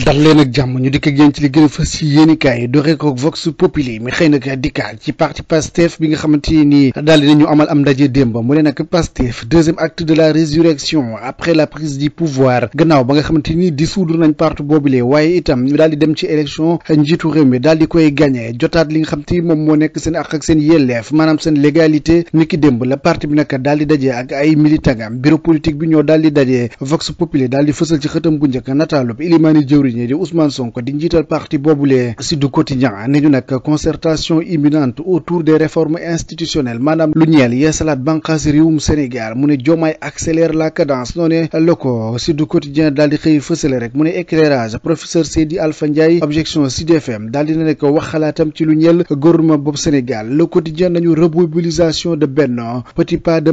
dal leen ak jàmm ñu dikk ak yéen ci li gën a fës ci yéenikaay yi doxee ko vox populi mi xëy nag dikkaat ci parti pastef bi nga xamante ni daal dinañu amal am ndaje démb mu ne nag pastef deuxième acte de la résurrection après la prise du pouvoir gannaaw ba nga xamante ni di dissoudre nañ parti boobule waaye itam ñu daal di dem ci élection njiitu réew mi daal di koy gagné jotaat li nga xam te ni moom moo nekk seen àq ak seen yelleef maanaam seen légalité ni ki démb la parti bi nag daal di daje ak ay militants bureau politique bi ñoo daal di daje vox populi daal di fësal ci xëtam bu njëkk nataalub Ilimani Diop jëwriñ di Ousmane Sonko di njiital parti boobulee si du quotidien ne ñu nag concertation imminente autour des réformes institutionnelles maanaam lu ñeel yeesalaat banqaas réewum Sénégal mu ne Diomaye accélère la cadence noo ne la ko si du quotidien daal di xëy fësale rek mu ne éclairage professeur Seydi Alpha Ndiaye objection Sud FM di ne ko wax xalaatam ci lu ñeel gouvernement boobu Sénégal le quotidien nañu remobilisation de Benno petit pas de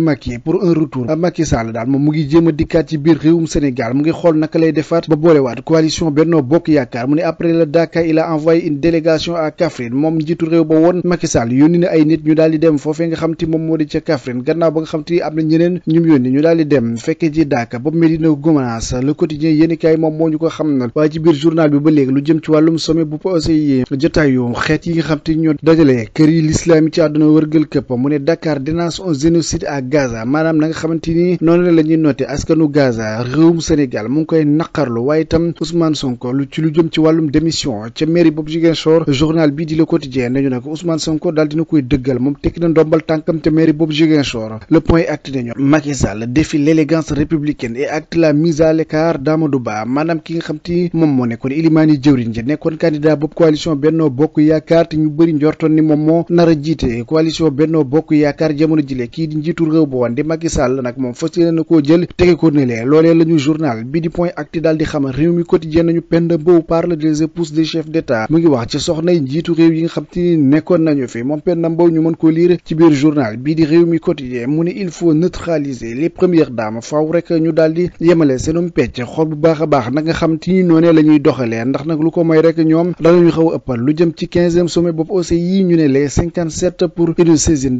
a Benno Bokk Yaakaar mu ne après le Dakar il a envoyé une délégation à Kaffrine moom njiitu réew ba woon Macky Sall yónni ay nit ñu daal di dem foofee nga xam te moom moo di ca Kaffrine gannaaw ba nga xam te am na ñeneen ñum yónni ñu daal di dem fekkee ji Dakar ba Médina Gounass le quotidien yéeni kaay moom moo ñu ko xam na waaye ci biir journal bi ba léegi lu jëm ci wàllum sommet bu OCI yi e jotaayu xeet yi nga xam te ñoo dajale kër yi l'islam yi ci àdduna wërgal këpp mu ne Dakar dénonce un génocide à Gaza maanaam na nga xamante ni noonu mu ngi koy naqarlu waaye Sonko lu ci lu jëm ci wàllum démission ca mairie boobu Ziguinchor journal bii di Le Quotidien nañu nag Ousmane Sonko daal dina koy dëggal moom tekki na ndombal tànkam ca mairie boobu Ziguinchor le point acte nañu Ba maanaam ki nga xam te moom moo nekkoon ilimaan yi jëwriñ ji nekkoon candidat boobu coalition Benno Bokk moom moo nar a jiite coalition Bokk Yaakaar jamono jile kii di njiitu di Macky Sall nag moom fas yéene na journal bii di point acte daal di xamal réew mi quotidien nañu Penda Mbow parle des épouses des chefs d'État mu ngi wax ci soxna njiitu réew yi nga xam te ni nekkoon nañu fi moom Penda ñu mën ko lire ci biir journal bii di réew mi quotidien mu ne il faut neutraliser les premières dames faaw rek ñu daal yemale seenum pecc xool bu baax a baax nag nga xam te ni noonee la ñuy doxalee ndax nag lu ko mooy rek ñoom danañu xaw a ëppal lu jëm ci quinzième sommet bopp OCI yi ñu ne les cinquante sept pour une saisine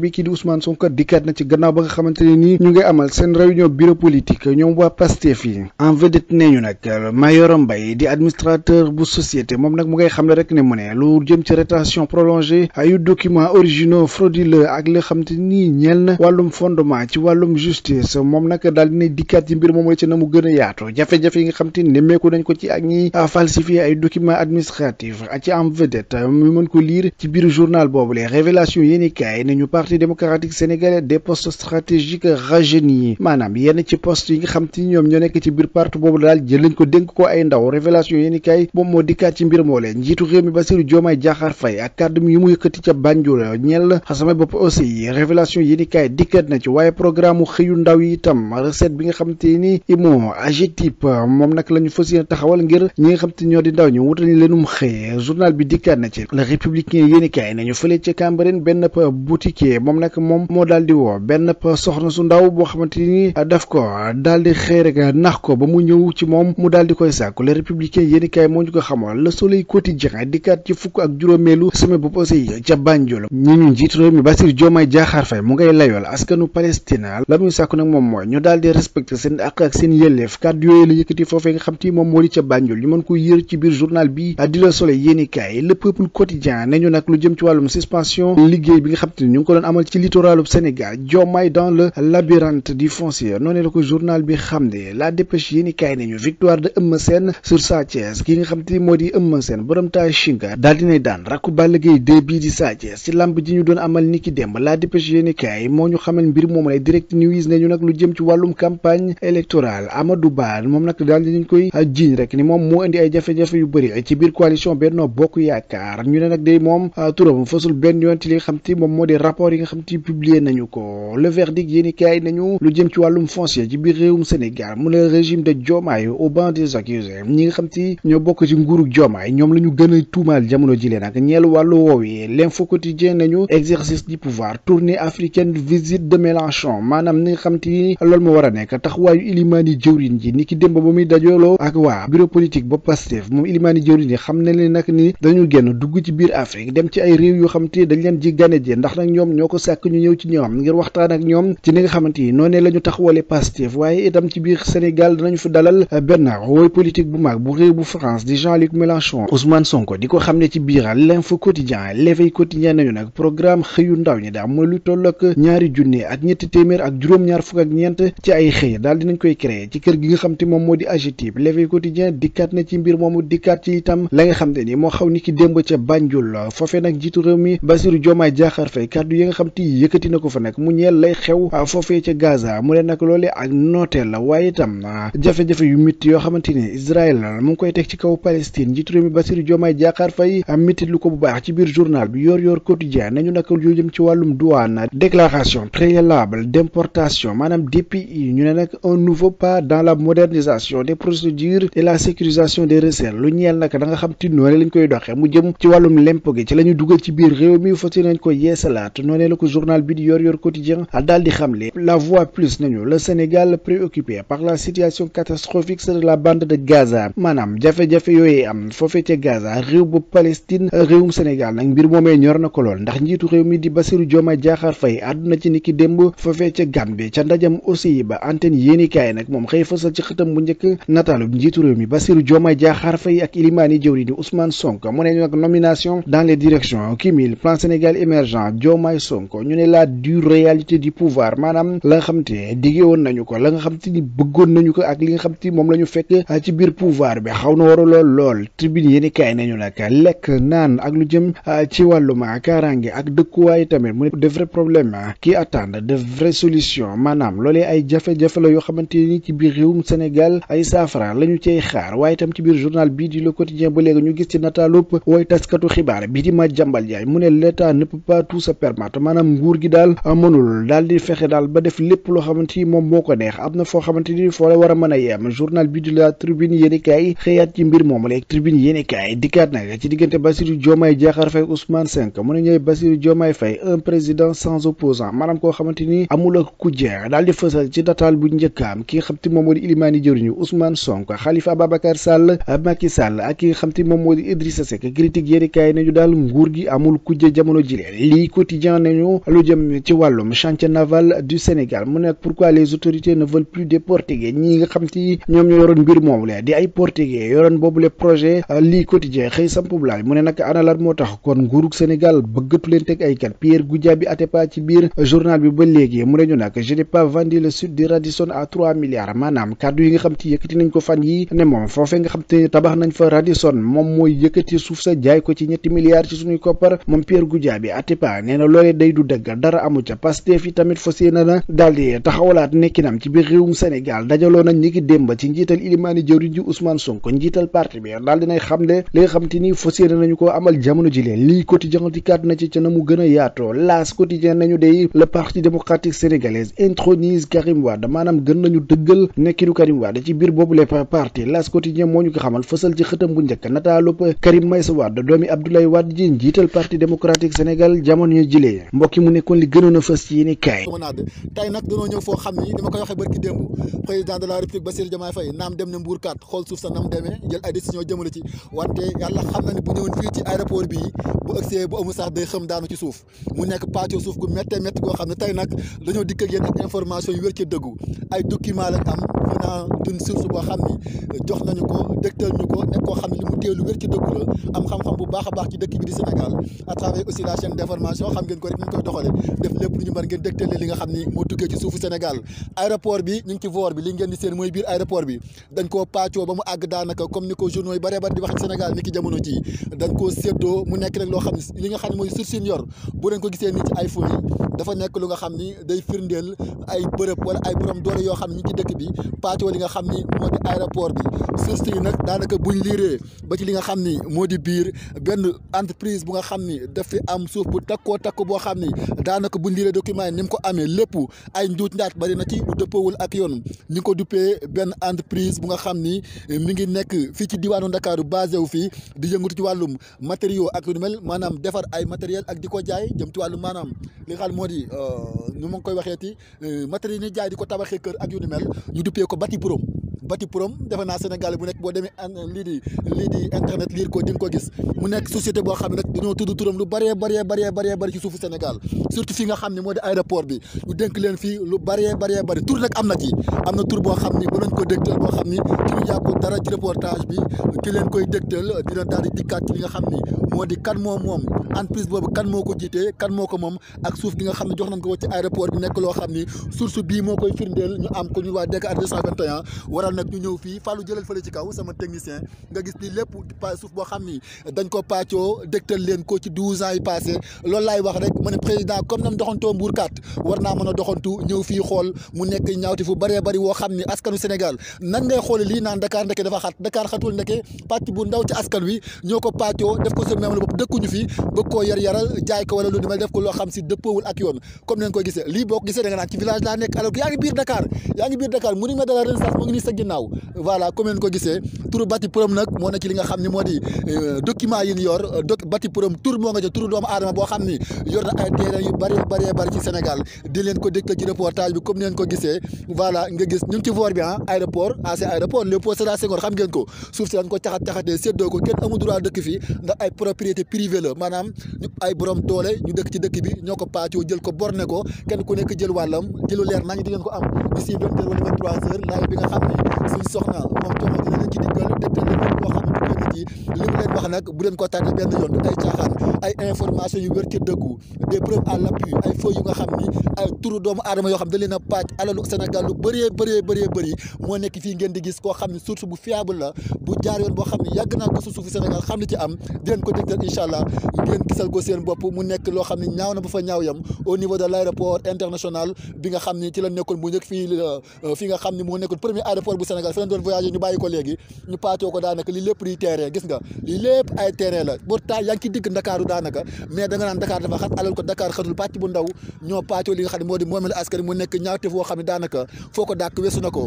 bi kii di Ousmane Sonko dikkaat na ci gannaaw ba nga xamante ne ñu ngi amal seen réunion bureau politique ñoom waa Pastef yi en vedette nee ñu nag Mayoro Mbaye di administrateur bu société moom nag mu ngay xam ne rek ne mu ne lu jëm ci rétention prolongée ayu documents originaux frauduleux ak li nga xamante nii ñeel na wàllum fondement ci wàllum justice moom nag daal dina dikkaat ci mbir moom ci na mu gën a yaatu jafe-jafe yi nga xam te nemmeeku nañ ko ci ak ñi falsifier ay documents administratifs ci en vedette mu mën ko lire ci biir journal boobu parti démocratique sénégalais des postes stratégiques rajeunis maanaam yenn ci poste yi nga xam te ñoom ci biir parti boobu daal jël lañ ko dénk ko ay ndaw révélation yéeni kaay moom moo ci mbir moo lee yu ndaw yi itam recette bi nga xam te ni imo AGETIP moom la ñu fas yéene taxawal ngir ñi nga xam di ndaw ñu wutal ñu leenum xëy journal bi dikkaat na ci le républicain yéeni kaay nañu fële ca Cambérène benn boutiquier moom nag moom moo daal di woo benn soxna su ndaw boo xamante ni daf ko daal di xëy rek nax ko ba mu ñëw ci moom mu daal di koy sàkku les républicains yéen i moo ñu ko xamal le soleil quotidien dikkaat ci fukk ak juróomeelu ñu njiit réew mi Bassirou Diomaye Diakhar Faye la muy sàkku nag moom mooy ñu daal di respecté seen àq ak seen yelleef kàddu yooyu la yëkkati xam te moom moo ko yër bi di le soleil yéen i kaay le peuple quotidien nañu nag lu jëm ci wàllum suspension liggéey bi nga xam ñu ngi ko doon amal ci littoralub Sénégal Diomaye dans le labyrinthe du foncier noonu la journal bi xam ne la dépêche yéen i kaay nañu victoire de Eumeu Sène sur Sa ki nga xam te moo di Eumeu Sène borom taay shinga dinay daan rakku Balla Gaye 2 di Sa ci lamb ji ñu doon amal niki demb la dépêche yéen i kaay moo ñu xamal mbir moom lay direct news ne ñu nag lu jëm ci wàllum campagne électorale Amadou Ba moom nag daal dinañ koy jiiñ rek ni moom moo indi ay jafe nga xam te publier nañu ko le verdict yéeni kaay nañu lu jëm ci wàllum foncier ci biir réewum Sénégal mu ne régime de Diomaye au banc des accusés ñi nga xam te ñoo bokk ci nguuru Diomaye ñoom la ñu gën a tuumaal jamono ji leen ak ñeel wàllu woowee l'info quotidien nañu exercice du pouvoir tournée africaine visite de Mélenchon maanaam ni nga xam te loolu moo war a nekk taxawaayu ilimaani jëwriñ ji ni ki démb ba muy dajooloo ak waa bureau politique ñoo ko sàkk ñu ñëw ci ñoom ngir waxtaan ak ñoom ci ni nga xamante yi noonee la tax taxawale Pastef waaye itam ci biir Sénégal danañu fi dalal euh, benn woy politique bu mag bu réew bu France di Jean-Luc Mélenchon Ousmane Sonko di ko xam ne ci biir l'info quotidien l'éveil quotidien nañu nag programme xëyu ndaw ñi daal mooy lu toll ak ñaari junne ak ñetti téeméer ak juróom-ñaar fukk ak ñeent ci ay xëy daal dinañ koy créer ci kër gi nga xam te moom moo di AGETIP l'éveil quotidien dikkaat na ci mbir moomu dikkaat ci itam la nga xam te ni moo xaw ni ki démb ca Banjul foofee nag mi Bassirou Diomaye Diakhar nga xam te yëkkati na ko fa nag mu ñeel ah, ah, ci kaw Palestine njiitu ah, ko bu baax ci biir journal bi yor yor quotidien nañu nag lu jëm ci wàllum douane déclaration préalable d'importation maanaam DPI ñu ne nag un nouveau pas dans la modernisation des procédures et la sécurisation des recettes lu ñeel nag da xam te noonu lañ koy doxee mu jëm ci wàllum lempo gi ci la ñu dugal ci biir réew mi fas nañ ko yeesalaat noonu noonee la ko journal bi yor yor quotidien daal di xamle la voie plus nañu le Sénégal préoccupé par la situation catastrophique de la bande de Gaza maanaam jafe-jafe yooyu am foofee ca Gaza réew bu Palestine réewum Sénégal nag mbir moomee ñor na ko lool ndax njiitu réew mi di Bassirou Diomaye Diakhar Faye àdduna ci niki démb foofee ca Gambie ba antenne yéenikaay nag moom xëy fësal ci xëtam bu njëkk nataalub njiitu réew mi Bassirou Diomaye ne ñu nag nomination dans les directions Kimil plan Sénégal émergent Diomaye Sonko ñu ne la dure réalité du pouvoir maanaam la nga xam te digee woon nañu ko la nga xam te ni bëggoon nañu ko ak li nga xam te moom la ñu fekk ah, ci biir pouvoir bi xaw na war a lool lool tribune yéeni kaay nañu nag lekk naan ak lu jëm ah, ci wàllum ah, kaaraange ak dëkkuwaay tamit mu ne de vrai problème qui attend de vraie solution maanaam loolee ay jafe-jafe la yoo xamante ni ci biir réewum Sénégal ay saafara la ñu cay xaar waaye tam ci biir journal bii di le quotidien ba léegi ñu gis ci nataalub wooy taskatu xibaar bi di ma jàmbal jaay mu ne l'état ne peut pas maanaam nguur gi daal mënul daal di fexe daal ba def lépp loo xamante ni moom moo ko neex am na foo xamante ni foo la war a mën a yem journal bi di la tribune yéeni kaay xëyaat ci mbir moom léegi tribune yéeni kaay na nag ci diggante Bassirou Diomaye Diakhar Faye Ousmane Sonko mu ne ñooy Bassirou Diomaye Faye un président sans opposant mana koo xamante ni amul ak ku jeex daal di fësal ci dataal bu njëkkaam ki nga xam te moom moo di Ilimani jëriñu Ousmane Sonko Khalifa Ababacar Sall Macky Sall ak ki nga xam te moom moo di Idrissa daal nguur gi amul kujje jamono jilee nañu lu jëm ci wàllum chantier naval du Sénégal mu nekk pourquoi les autorités ne veulent plus des portugais ñi nga xam te ñoom ñoo yoroon mbir moomu la di ay portugais yoroon boobu le projet euh, lii quotidien xëy sampub laaj mu ne nag ana lan moo kon nguurug Sénégal bëggatu leen ay kat Pierre Goudiaby Atepa ci biir journal bi ba léegi mu ne ñu nag je n'ai pas vendu le sud de Radisson à trois milliards maanaam kàddu yi nga xam te yëkkati nañ ko fan yi ne moom foofe nga xam te tabax sa jaay ko ci ñetti milliards ci day du dëgg dara amu ca Pastef yi tamit fas yéene na daal di taxawalaat nekkinam ci biir réewum Sénégal dajaloo nañ ñi ki ci njiital ilimaani jëwriñ ji Ousmane Sonko njiital parti bi daal dinay xam ne li nga xam te ni fas yéene nañu ko amal jamono ji leen lii quotidien di kàddu na ci ca na mu gën a yaatoo laas quotidien nañu day le parti démocratique sénégalaise intronise Karim Wade maanaam gën nañu dëggal nekkinu Karim Wade ci biir boobu le parti laas quotidien moo ñu ko bu njëkk nataalub Karim Meïssa Wade doomi Abdoulaye Wade ji njiital parti démocratique Sénégal mbokki mu nekkoon li gënoon fës ci yéen i kaay tey nag dañoo ñëw foo xam ni dama koy waxee barki démb président de la république Bassirou Diomaye Faye naam dem na Mbour 4 xool suuf sa nam demee jël ay décision jëmale ci wante yàlla xam na ne bu ñëwoon fii ci aéroport bii bu ëgsee bu amul sax day xëm daanu ci suuf mu nekk pàccoo suuf gu méttee métti goo xam ne tey nag dañoo dikk ak yéen ak information yu wér ci dëggu ay document lañ am naa dun source boo ko dëgtal ñu ko nekk koo bu baax a baax ci dëkk bi ni ñu koy doxalee def lépp lu ñu mën ngeen dégteel li nga xam ni moo tukkee ci suufu Sénégal aéroport bi ñu ngi ci voor bi li ngeen di seen mooy biir aéroport bi dañ koo paccoo ba mu àgg daanaka comme ni ko journaux yi baree di wax Sénégal ni ki jamono jii dañ koo séddoo mu nekk rek loo xam li nga xam ne ni li nga xam ni moo di aéroport bi sursis yi nag daanaka buñ liiree ba ci li nga xam ni moo di biir benn entreprise bu nga xam ni daf fi am suuf bu takkoo takk boo xam ni daanaka bu liiree document yi ni mu ko amee lépp ay njuuj njaat bari na ci lu dëppoowul ak yoon ni ko duppee benn entreprise bu nga xam ni mi ngi nekk fii ci diwaanu Ndakaaru basé wu fii di yëngatu ci wàllum matério ak lu mel maanaam defar ay matériel ak di ko jaay jëm ci wàllum maanaam li nga xam moo di euh, nu ma ngi koy waxeeti euh, matériel ni jaay di ko tabaxee kër ak yu ni mel ñu duppee ko bati borom bati Batiprome defe naa Sénégal bu nekk boo demee lii di lii di internet liir ko di nga ko gis mu nekk société boo xam ne nag dañoo tudd turam lu bëree bëree bëree bëree bëri ci suufu Sénégal surtout fii nga xam ne moo di aéroport bi ñu dénk leen fii lu bëree bëree bëri tur nag am na ci am na tur boo xam ni mën nañ ko dégtal boo xam ni ci ñu yàgg dara ci reportage bi ki leen koy dégtal dina daal di dikkaat ci li nga xam ni moo di kan moo moom entreprise boobu kan moo ko jiitee kan moo ko moom ak suuf gi nga xam ne jox nañ ko ci aéroport bi nekk loo xam ni source bii moo koy firndeel ñu am ko ñu ñëw fii Fallou jëlal fële ci kaw sama technicien nga gis ni lépp suuf boo xam ni dañ ko pàccoo dégtal leen ko ci ans yi passé loolu laay wax rek ma président comme nam doxantoo Mbour 4 war naa mën a doxantu ñëw fii xool mu nekk ñaawti fu bëree bëri woo xam ni askanu Sénégal nan ngay xoole lii naan Dakar moom la bopp dëkkuñu fii bëgg koo yar yaral jaay ko wala lu ni def ko loo xam si dëppoowul ak yoon comme nañ koy gisee lii boo ko gisee da naan ci village laa nekk yaa ngi biir Dakar yaa ngi biir Dakar monument de ngi nii sa ginnaaw voilà comme nañ ko gisee turu Bati Prome nag moo nekk li nga xam ne moo di euh, document yi ñu yor euh, doc Bati Prome tur moo nga jël turu doomu aadama boo xam ni yor na ay terrain yu bëree bëree bëri ci Sénégal di leen ko propriété privée la maanaam ñu ay borom doole ñu dëkk ci dëkk bi ñoo ko paacoo jël ko borne ko kenn ku nekk jël wàllam jëlu leer nañu di ngeen ko am d'ici vingt heures wala vingt trois heures laaj bi nga xam ne suñ soxna moom coono dina leen ci diggal dégtal li mu leen wax nag bu leen ko tànn benn yoon du ay caaxaan ay information yu wér ci dëggu des preuves à l'appui ay feuilles yu nga xam ni ay turu doomu aadama yoo xam da leen a paac alalu Sénégal lu bëree bëree bëree bëri moo nekk fii ngeen di gis koo xam ne source bu fiable la bu jaar boo xam ne yàgg naa ko su suufu Sénégal spectateur incha allah ngeen gisal ko seen bopp mu nekk loo xam ne ñaaw na ba fa ñaaw yam au niveau de l' aéroport international bi nga xam ni ci la nekkoon bu njëkk fii euh, fii nga xam ni moo nekk premier aéroport bu Sénégal fi lañ doon ko léegi ñu paatoo ko lépp di terrain gis nga li lépp ay terrain la pourtant yaa ngi Ndakaaru daanaka mais danga nga naan Dakar dafa xat alal ko Dakar xatul pàcc bu ndaw ñoo paatoo li nga xam moo di moomeel askan mu nekk ñaawte foo xam ne daanaka foo ko dàkk weesu na ko